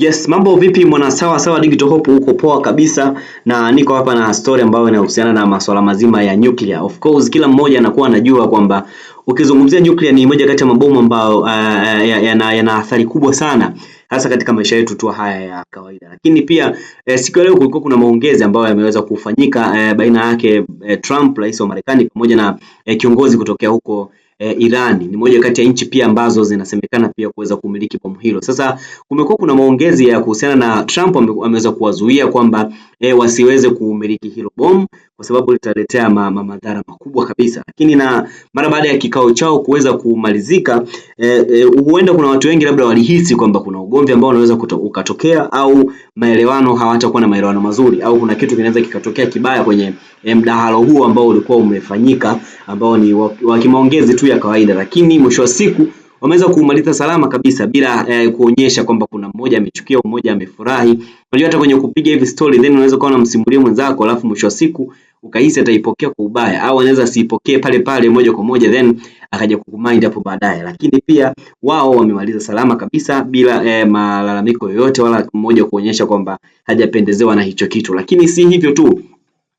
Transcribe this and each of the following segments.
Yes, mambo vipi mwana sawa sawa digital hope, uko poa kabisa, na niko hapa na story ambayo inahusiana na masuala mazima ya nuclear. Of course kila mmoja anakuwa anajua kwamba ukizungumzia nuclear ni moja kati ya mabomu ambayo uh, uh yana ya athari kubwa sana hasa katika maisha yetu tu haya ya kawaida, lakini pia eh, siku ya leo kulikuwa kuna maongezi ambayo yameweza kufanyika eh, baina yake eh, Trump rais wa Marekani pamoja na eh, kiongozi kutokea huko eh, Irani ni moja kati ya nchi pia ambazo zinasemekana pia kuweza kumiliki bomu hilo. Sasa kumekuwa kuna maongezi ya kuhusiana na Trump ameweza kuwazuia kwamba e, wasiweze kuumiliki hilo bomu kwa sababu litaletea ma, ma, madhara makubwa kabisa. Lakini na mara baada ya kikao chao kuweza kumalizika, huenda eh, e, eh, huenda kuna watu wengi labda walihisi kwamba kuna ugomvi ambao unaweza ukatokea au maelewano, hawatakuwa na maelewano mazuri au kuna kitu kinaweza kikatokea kibaya kwenye mdahalo huo ambao ulikuwa umefanyika ambao ni wa kimaongezi tu ya kawaida, lakini mwisho wa siku wameweza kumaliza salama kabisa bila eh, kuonyesha kwamba kuna mmoja amechukia, mmoja amefurahi Unajua hata kwenye kupiga hivi story then unaweza kuwa unamsimulia mwenzako alafu mwisho wa siku ukahisi ataipokea kwa ubaya au anaweza asipokee pale pale moja kwa moja then akaja kukumind hapo baadaye. Lakini pia wao wamemaliza salama kabisa bila eh, malalamiko yoyote wala mmoja kuonyesha kwamba hajapendezewa na hicho kitu. Lakini si hivyo tu.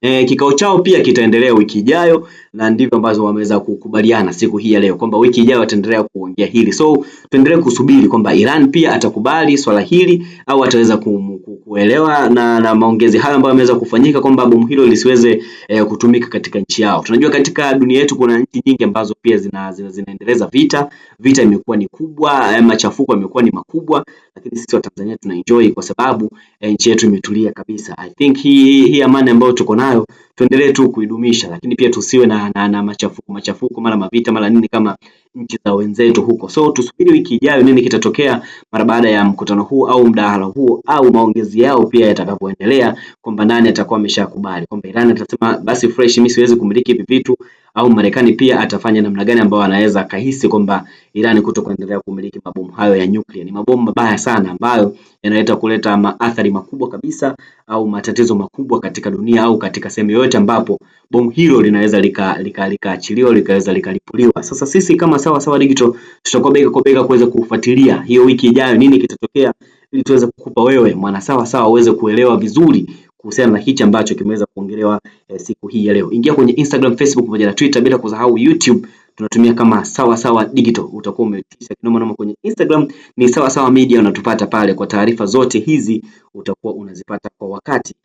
E, kikao chao pia kitaendelea wiki ijayo na ndivyo ambazo wameweza kukubaliana siku hii ya leo kwamba wiki ijayo wataendelea kuongea hili. So tuendelee kusubiri kwamba Iran pia atakubali swala hili au ataweza kumu kuelewa na, na maongezi hayo ambayo yameweza kufanyika kwamba bomu hilo lisiweze e, kutumika katika nchi yao. Tunajua katika dunia yetu kuna nchi nyingi ambazo pia zina, zina, zinaendeleza vita. Vita imekuwa ni kubwa e, machafuko yamekuwa ni makubwa, lakini sisi wa Tanzania tuna enjoy kwa sababu e, nchi yetu imetulia kabisa. I think hii hii amani ambayo tuko nayo tuendelee tu kuidumisha, lakini pia tusiwe na, na, na machafuko machafuko mara mavita mara nini kama nchi za wenzetu huko. So tusubiri wiki ijayo nini kitatokea mara baada ya mkutano huu au mdahalo huu au maongezi yao pia yatakavyoendelea, kwamba nani atakuwa ameshakubali kwamba Iran atasema basi fresh, mimi siwezi kumiliki hivi vitu au Marekani pia atafanya namna gani ambayo anaweza akahisi kwamba Iran kuto kuendelea kumiliki mabomu hayo ya nyuklia. Ni mabomu mabaya sana ambayo yanaleta kuleta maathari makubwa kabisa au matatizo makubwa katika dunia au katika sehemu yoyote ambapo bomu hilo linaweza likaachiliwa lika, lika likaweza likalipuliwa. Sasa sisi kama Sawa Sawa Digital tutakuwa bega kwa bega kuweza kufuatilia hiyo wiki ijayo nini kitatokea, ili tuweze kukupa wewe mwana sawa sawa uweze kuelewa vizuri kuhusiana na hichi ambacho kimeweza kuongelewa eh, siku hii ya leo. Ingia kwenye Instagram, Facebook pamoja na Twitter, bila kusahau YouTube tunatumia kama sawa sawa digital. Utakuwa umetisha kinoma noma. Kwenye Instagram ni sawa sawa media, unatupata pale kwa taarifa zote hizi, utakuwa unazipata kwa wakati.